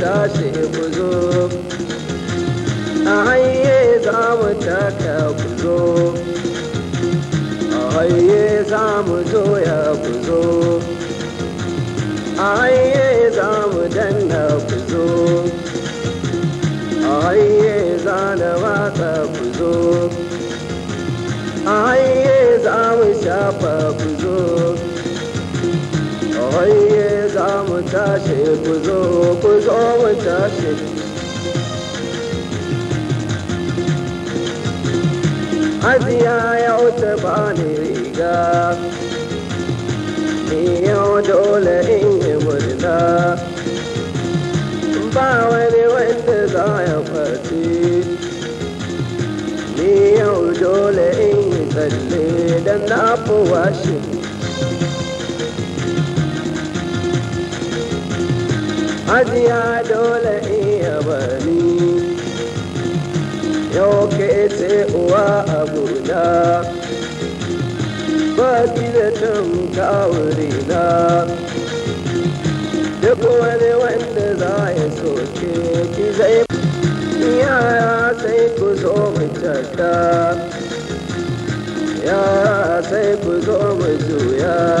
tashi ku zo a haye za mu taka ku zo a haye za mu zo ya ku zo a haye za mu danna ku zo a haye za na waka ku zo a haye za mu shafa ku zo a haye za mu tashi ku zo ku zo mu tashi Aziya ya wuce ba ni riga ni yau dole in yi murna ba wani wanda za ya farci ni yau dole in yi tsalle don na fi washe hajiya dole iya bani yau ke ce uwa guda ba ki da kawuri na duk wani wanda za ya soke ki zai yara sai ku zo mu yara sai ku zo mu juya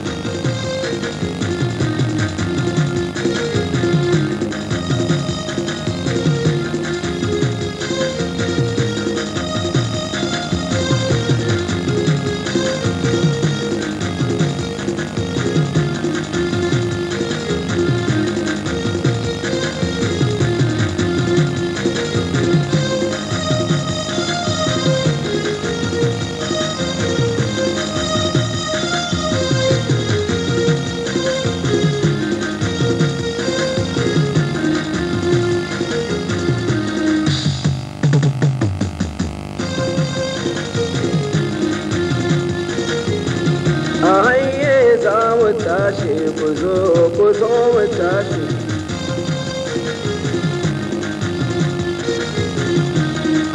mu tashi ku zo ku zo mu tashi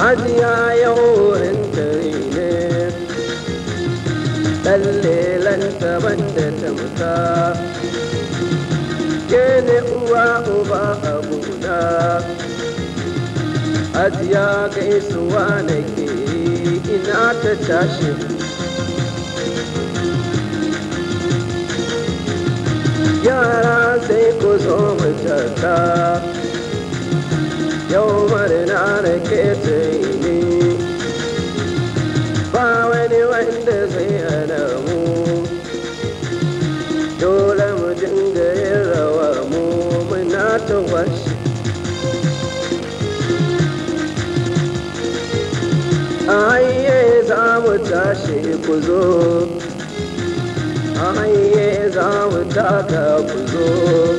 hajiya yawurin tare ne ɗallelan taban da tamka ke ne uwa uba abu guda hajiya gaisuwa ke ina ta tashi yara sai ku zo mu taka yau marina da ke ni ba wani wanda zai hana mu dole mu dinga yin rawa mu muna ta washi a za mu tashi ku za mu taka ku zo